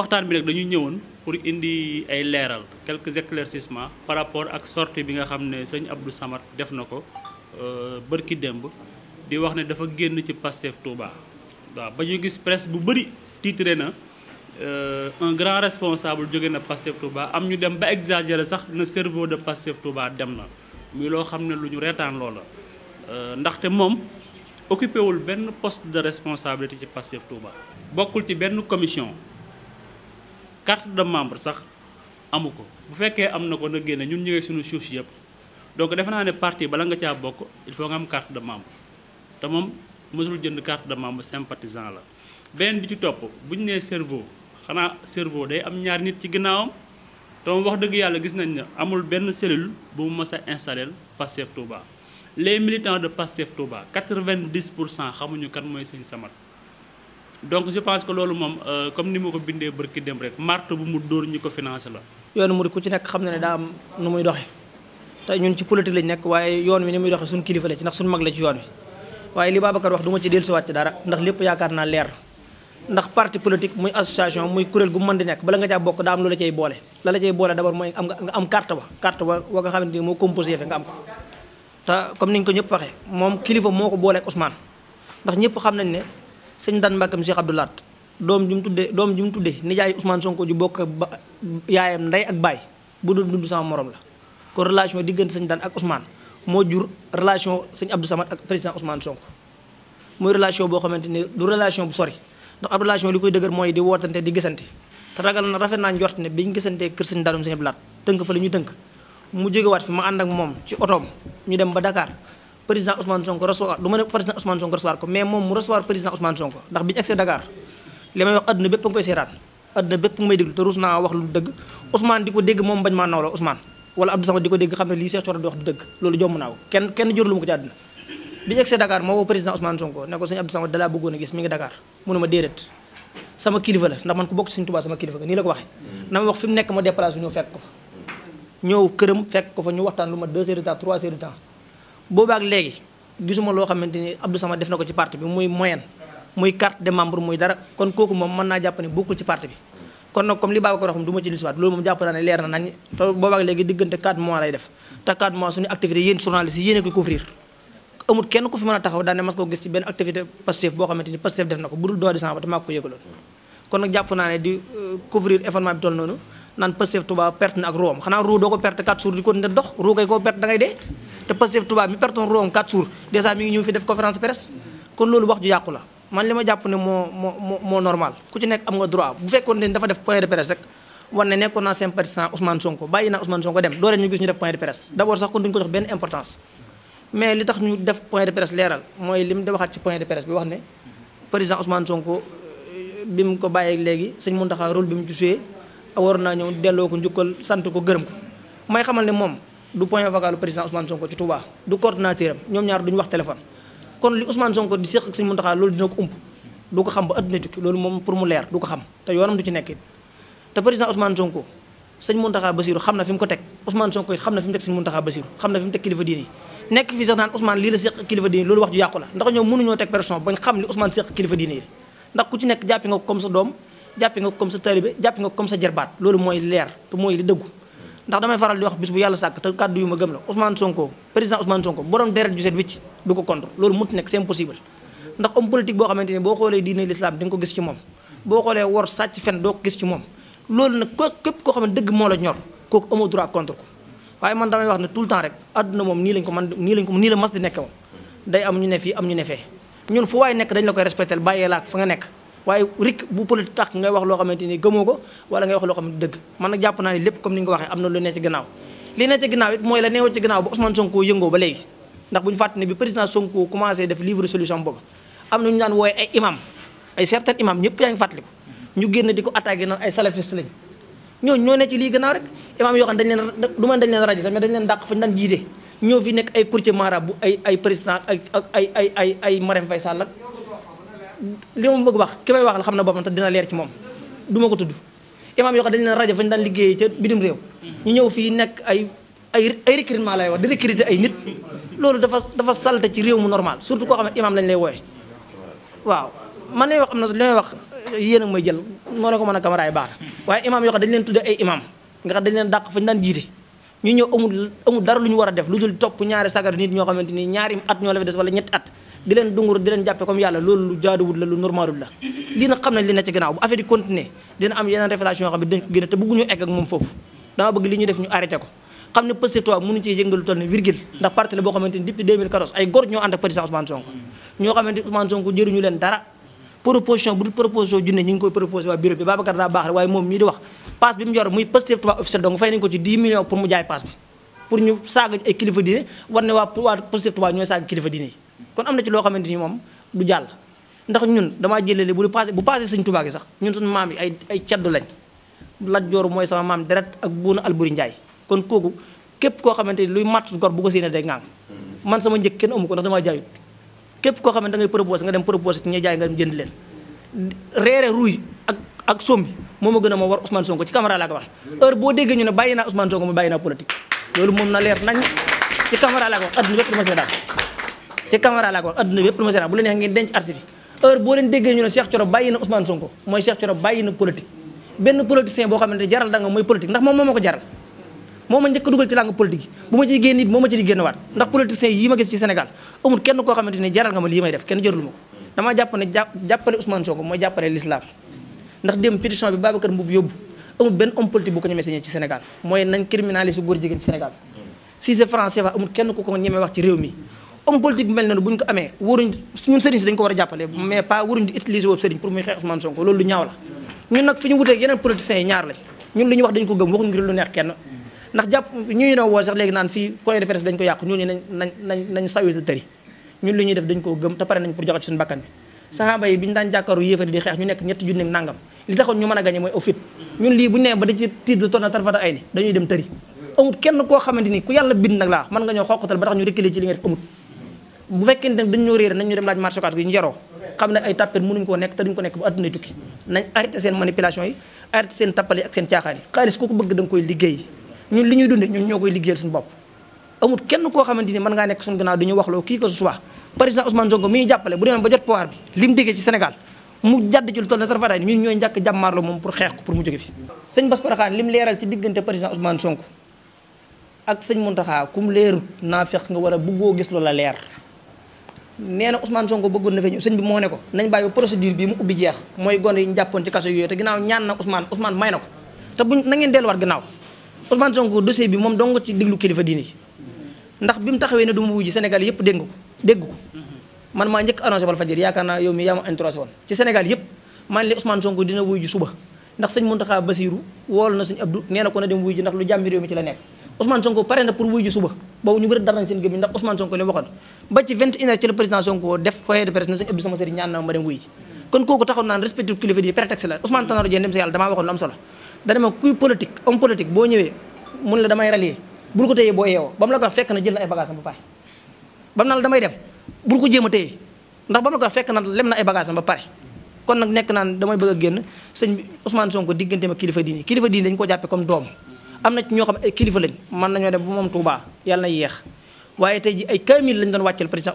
waxtaan bi nag dañu ñëwoon pour indi ay leeral quelques éclaircissements par rapport ak sortie bi nga xam ne sëñ Abdou Samad def na ko euh, bërki démb di wax ne dafa génn ci Pastef Touba waaw ba ñu gis presse bu bëri titré na euh, un grand responsable jóge na Pastef Touba am ñu dem ba exagéré sax na cerveau de Pastef Touba dem na muy loo xam ne lu ñu reetaan loola euh, ndaxte moom occupé wul benn post de responsabilité ci Pastef Touba bokkul ci benn commission carte de membre sax amu ko bu fekkee am na ko na génne ñun ñëwee suñu suuf yëpp donc defe naa ne partie bala nga caa bokk il faut nga am carte de membre te moom mësul jënd carte de membre sympathisant la. beneen bi ci topp bu ñu nee cerveau xanaa cerveau day am ñaari nit ci ginnaawam te wax dëgg yàlla gis nañ ne amul benn cellule bu mu mës a installé Pastef Touba les militants de Pastef Touba dix pour cent xamuñu kan mooy sëñ Samat. donc je pense que loolu moom euh, comme ni ma ko bindee bërki dem rek marto bu mu dóor ñi ko financé la yoon mu ku ci nekk xam na ne daa am nu muy doxe te ñun ci politique lañ nekk waaye yoon wi ni muy doxe suñ kilifa la ci ndax suñ la ci yoon wi waaye li Babacar wax du ma ci dellusiwaat ci dara ndax lépp yaakaar naa leer ndax parti politique muy association muy kuréel gu mën di nekk bala nga caa bokk daa am lu la ay boole la la cay boole d'abord mooy am nga am carte ba carte ba wa nga xamante moo composé fe nga am ko comme ni ñu ko ñëpp waxee moom kilifa moo ko boole ndax ñëpp xam nañ ne sëñ daan mbàkkam Cheikh Abdou Lahat doom ju mu tuddee doom ju mu tuddee nijaay Ousmane Sonko ju bokk ba yaayam ndey ak baay bu doon dund sama moroom la kon relation diggante sëñ daan ak Ousmane moo jur relation sëñ Abdou Samad ak président Ousmane Sonko muy relation boo xamante ni du relation bu sori ndax ab relation li koy dëgër mooy di wootante di gisante te ragal na rafet naa njort ne bi ñu gisantee kër sëñ daanum sëñ Abdou Lahat tënk fa la ñu tënk mu jógewaat fi ma ànd ak moom ci otoom ñu dem ba Dakar président Ousmane Sonko recevoir du ma ne président Ousmane Sonko recevoir ko mais moom mu recevoir président Ousmane Sonko ndax bi ñu agsee li may wax àdduna bépp a ngi koy di ko dégg moo woo président Ousmane Sonko ne ko sëñ Abdou Samad dalaa bëggoon a gis mi ngi Dakar mu ne ma déedéet sama kilifa la ndax man ko bokk ci Sëñ Tuubaa sama kilifa nga nii la ko waxee hmm. na ma wax fi nekk ma déplacé ñëw fekk ko fa ñëw këram fekk ko fa ñu waxtaan lu ma deux heures temps boobaak léegi gisuma loo xamante ni Abdou Samad def na ko ci parti bi muy moyenne muy carte de membre muy dara kon kooku moom mën naa jàpp ne bokkul ci parti bi kon nag comme moom jàpp naa ne leer na nañ te boobaak léegi diggante 4 mois lay def te 4 ku a taxaw daane mas ko gis ci benn activité Pastef boo xamante ni Pastef def na ko bu kon jàpp naa ne di euh, couvrir événement bi toll noonu naan Pastef Touba perte na ak ruwam xanaa ruu doo ko perte 4 jours di ko ne dox ruu kay koo perte da dee te Pastef Touba mi perton room 4 jours dèjà mi ngi ñëw fi def conférence presse kon loolu wax ju yàqu la man li ma jàpp ne moo moo moo normal ku ci nekk am nga droit bu fekkoon ne dafa def point de presse rek war ne nekkoon naa sympathisant Ousmane Sonko bàyyi naa Ousmane Sonko dem doore ñu gis ñu def point de presse d' sax kon duñu ko jox benn importance mais li tax ñu def point de presse leeral mooy li mu di waxaat ci point de presse bi wax euh, mu ko bàyyeeg léegi sëñ Mountakha rôle bi mu ci joué naa ñëw delloo ko njukkal sant ko gërëm ko may xamal ne moom du point vocal président Ousmane Sonko ci Touba du coordinateur am ñoom ñaar duñu wax téléphone. kon li Ousmane Sonko di séq ak Serigne Mountakha loolu dina ko ump du ko xam ba adduna nekk it te président na fi ko teg Ousmane Sonko it xam na fi mu teg kilifa diine yi nekk fi sax naan Ousmane lii la séq kilifa diine ku ci nekk jàppi nga ko comme sa doom jàppi nga ko comme sa taalibe jàppi nga ko comme sa loolu mooy leer te mooy li dëggu ndax damay faral di wax bis bu yàlla sàkk te kàddu yu ma gëm la Ousmane Sonko président Ousmane Sonko borom deret ju wicc du ko contre loolu mut nekk c'est impossible ndax homme politique boo xamante koo xam ne moo la ñor kooku amoo droit contre ko wax ne tout le temps rek àdduna moom nii lañ ko man nii lañ la mas di nekke day am ñu ne fii am ñu ne fee ñun fu waay nekk dañ la koy respecté bàyyee laak fa nga nekk waaye rik bu politique tax ngay wax loo xamante ni gëmoo ko wala ngay wax loo xamante dëgg man nag jàpp naa ne lépp comme ni nga ko waxee am na lu ne ci gannaaw li ne ci gannaaw it mooy la neewoon ci gannaaw ba Ousmane Sonko yëngoo ba léegi ndax bu ñu am na ñu naan wooye ay imam ay certain imam ñëpp yaa ngi fàttaliku ñu génn di ko attaqué naan ay salafiste lañ ñooñu ñoo ne ci lii gannaaw rek imam yoo xam dañ leen du man dañ leen rajo sax mais dañ leen dàq fa ñu daan jiite ñoo fi nekk ay courtier marabout ay ay président ak ay ay ay ay Marème Faye Sall li ma bëgg wax ki may wax la xam na boppam te dina leer ci moom duma ko tudd imaam yoo xam dañu leen rajo fañu daan liggéey ca bitim réew ñu ñëw fii nekk ay ay ay recrutement lay wax di recruter ay nit loolu dafa dafa salte ci réew mu normal surtout koo xam ne imaam lañ lay wooye waaw man lay wax am na li may wax yéen a may jël noo ne ko mën a camara yi baax na waaye imaam yoo xam dañ leen tudde ay imaam nga xam dañu leen dàq fañu daan jiite ñu ñëw amul amul dara lu ñu war a def lu dul topp ñaari sagar nit ñoo xamante ni ñaari at ñoo la fi des wala ñetti at di leen dungur di leen jàppe comme yàlla loolu lu jaaduwul la lu normalul la lii nag xam nañ li ne ci gannaaw bu affaire yi continuer dina am yeneen révélation yoo xam ne dañ ko génne ak moom foofu dama bëgg li ñu def ñu arrêté ko xam ne Pastef toi mënu ci yëngalu toll ne virgule ndax parti la boo xamante ni depuis 2014 ay góor leen dara proposition bu dul proposition junne ñu ngi koy proposé waa bureau bi Babacar daa baax rek waaye moom mii di wax passe bi mu yor muy Pastef Touba officiel donc fay nañu ko ci 10 millions pour mu jaay passe bi pour ñu saaga ay kilifa diine war ne waa waa Pastef ñooy saaga kilifa diine yi kon am na ci loo xamante ni moom du jàll ndax ñun damaa jëlee bu passé bu passé sëñ Touba gi sax ñun suñu maam yi ay caddu lañ Lat Joor mooy sama maam deret ak Buuna Alburi Njaay kon kooku képp koo xamante ni luy matt gor bu ko séenee day ŋaang man sama njëkk kenn amu ko ndax damaa képp koo xam ne da ngay proposé nga dem proposé ci ñuy jaay nga dem jënd leen reere ruuy ak ak sombi moom a gën a ma war Ousmane Sonko ci caméra laa ko wax heure boo déggee ñu ne bàyyi naa Ousmane Sonko mu bàyyi naa politique loolu moom na leer nañ ci caméra laa ko wax adduna bépp du boo bàyyi na Ousmane Sonko mooy Cheikh Thioro bàyyi na politique benn politicien boo xam ne jaral da nga mooy politique ndax moom moo ma ko jaral moo ma njëkk dugal ci làng politique yi bu ma ciy génn it moo ma ciy génn waat ndax politiciens yi ma gis ci Sénégal amul kenn koo xamante ne jaral nga ma lii may def kenn jarul ma ko damaa jàppale Ousmane Sonko loolu lu ñaaw la ñun nag fi ñu wutee yeneen politiciens yi ñaar lañ ñun li ñu wax dañu ko gëm waxuñ ngir lu neex kenn ndax jàpp ñuy noo woo léegi naan fii point de presse dañ ko yàqu ñooñu nañ nañ nañ nañ sawita tëri ñun li ñuy def dañ koo gëm te pare nañ pour joxe ci suñu bakkan bi saxaaba yi bi ñu daan jàkkaaru yéefari di xeex ñu nekk a gañe mooy au fit ñun lii bu ñu ni dañuy dem tëri amut kenn koo xamante ni ku yàlla bind nag laa mën nga ñoo xoqatal ba tax ñu reculer ci li nga def amut bu fekkee ne dañ ñoo dem laaj marché Ocass ñu jaroo xam ne ay tàppet mënuñu koo nekk te duñu ko nekk bu addunay tukki nañ arrêté seen manipulation ñun li ñuy dunde ñun ñoo koy liggéeyal suñu bopp amul kenn koo xamante ni mën ngaa nekk suñu gannaaw di ñu wax loo kii que ce soit président Ousmane Sonko mi ñu jàppale bu demee ba jot pouvoir bi li mu ci Sénégal mu jàdd ci toll na tarafataay ñun ñooy njàkk jàmmaarloo moom pour xeex ko pour mu jóge fi sëñ Bass Porokhane li mu leeral ci diggante président Ousmane Sonko ak sëñ Mountakha ku mu leerut naa fex nga war a bëggoo gis la leer nee na Ousmane Sonko bëggoon na fee bi moo ne ko nañ ba procédure bi mu ubbi jeex mooy gone yi ñu jàppoon ci kaso yooyu ñaan na Ousmane Ousmane may na ko te buñ na ngeen delluwaat Ousmane Sonko dossier bi moom dong ci déglu kilifa diine yi ndax bi mu taxawee ne du ma wujji Sénégal yëpp dégg ko dégg ko man maa njëkk annoncé wal fajar yaakaar naa yow mi yaa ma introsé woon ci Sénégal yëpp man li Ousmane Sonko dina wujji suba suba boobu ñu bëri dara nañ seen gëm ndax Ousmane Sonko li waxoon ba ci 21 heures ci le président Sonko def foyer de presse na sëñ Abdou sama sëriñ ñaan na ma dem wujji kon kooku taxaw naan respecté dana ma kuy politique homme politique boo ñëwee mun la damay rallier bul ko téye boo yeewoo ba mu la ko fekk na jël na ay bagage am ba pare ba mu na la damay dem bul ko jéem a téye ndax ba mu la ko wax fekk na lem na ay bagage am ba pare kon nekk naan damay bëgg a génn sëñ bi Ousmane Sonko diggante ma kilifa diini kilifa diini dañu ko jàppe comme doom am na ñoo xam ay kilifa lañ mën nañoo dem bu moom Touba yàlla na yéex waaye tey ay kaamil lañ doon wàcceel président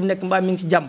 nekk mbaa ngi ci jàmm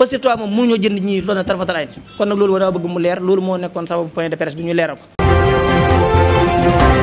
parce que toi moom mënuñoo jënd ñii loolu na tarafatalaay kon nag loolu war a bëgg mu leer loolu moo nekkoon sama point de presse ñu leeral ko